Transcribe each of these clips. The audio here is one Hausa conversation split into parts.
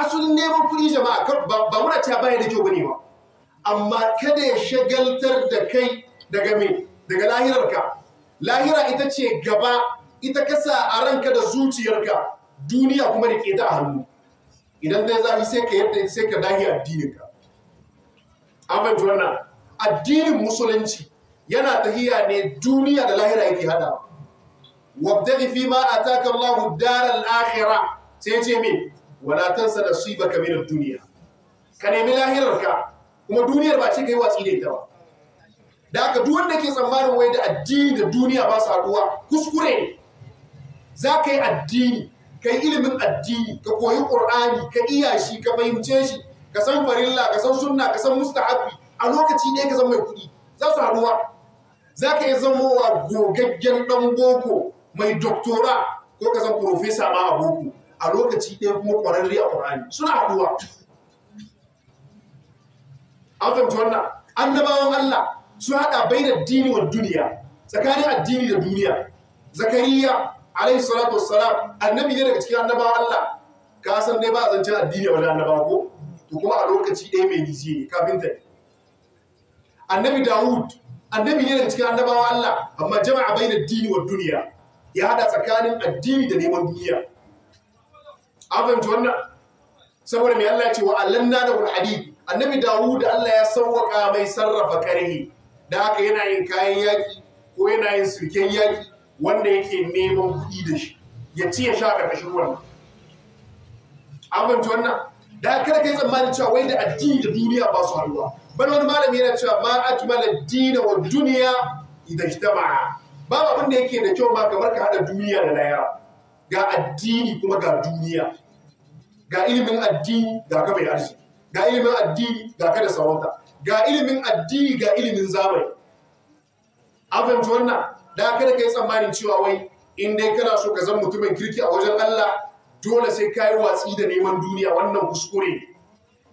asalin neman kuɗi jama'a ba muna ta baya da kyau bane ba amma kada ya shagaltar da kai daga me daga lahirarka lahira ita ce gaba ita kasa a ranka da zuciyarka duniya kuma da ke ta hannu idan dai zafi sai ka yadda sai ka dahi addininka ka amma wannan addinin musulunci yana tahiya ne duniya da lahira yake hada wabdadi fi ma ataka Allahu daral akhirah sai ce me wala tansa nasibaka min ad-dunya ka nemi lahirar ka kuma duniyar ba ce kai watsi da ta ba da haka duk wanda ke tsammanin wai da addini da duniya ba su haduwa kuskure ne za ka yi addini ka yi ilimin addini ka koyi ƙur'ani ka iya shi ka fahimce shi ka san farilla ka san sunna ka san mustahabi a lokaci ne ka san mai kuɗi za su haɗuwa za ka iya zamowa gogaggen ɗan boko mai doktora ko ka san profesa ma a boko a lokaci ɗaya kuma ƙwararri a ƙwararri suna haɗuwa an fahimci wannan annabawan Allah su haɗa bai da dini wa duniya tsakanin addini da duniya zakariya alaihi salatu wassalam annabi ne daga cikin annabawan Allah ka san dai ba zancen addini wani annabawa ko to kuma a lokaci ɗaya mai nisi ne ta ne annabi dawud annabi ne daga cikin annabawan Allah amma jama'a bai da dini wa duniya ya haɗa tsakanin addini da neman duniya an fahimci wannan saboda mai Allah ce wa allanna da hadid annabi Dawud Allah ya sauwaka mai sarrafa karhi da haka yana yin kayan yaki ko yana yin sirken yaki wanda yake neman kuɗi da shi ya ci ya sha ƙarƙashin wannan an fahimci wannan da kar kai tsammanin cewa wai da addini da duniya ba su haruwa bana wani malami yana cewa ma ajmal ad-din wa duniya idan ijtama'a babu abin da yake da kyau ma kamar ka haɗa duniya da layara. ga addini kuma ga duniya ga ilimin addini ga ka mai arziki ga ilimin addini ga ka da sarauta ga ilimin addini ga ilimin zamani an fahimci wannan da kada ka yi tsammanin cewa wai in dai kana so ka zan mutumin kirki a wajen Allah dole sai ka yi watsi da neman duniya wannan kuskure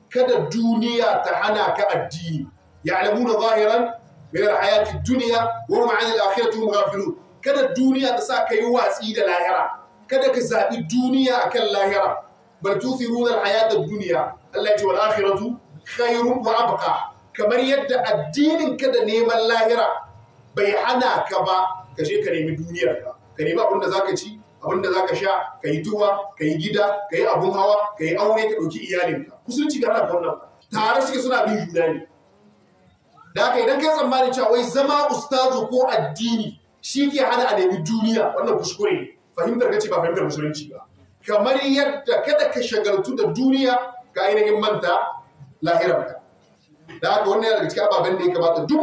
kada duniya ta hana ka addini ya'lamuna zahiran min al-hayati dunya wa ma'anil akhirati hum ghafilun kada duniya ta sa ka yi watsi da lahira kada ka zaɓi duniya kan lahira bal tufi al-hayata ad duniya. Allah ya ce wal akhiratu khairun wa abqa kamar yadda addinin ka da neman lahira bai hana ka ba ka je ka nemi duniyar ka ka nemi abin da zaka ci abin da zaka sha ka yi tuwa ka yi gida ka yi abun hawa ka yi aure ka ɗauki iyalinka musulunci ga hana wannan tare suke suna bin juna ne da haka idan kai tsammanin cewa wai zama ustazu ko addini shi ke hana a nemi duniya wannan kuskure ne fahimtar ka ce ba fahimtar musulunci ba kamar yadda kada ka shagaltu da duniya ga ainihin manta lahiranka da haka wannan yana daga cikin ababen da ya kamata duk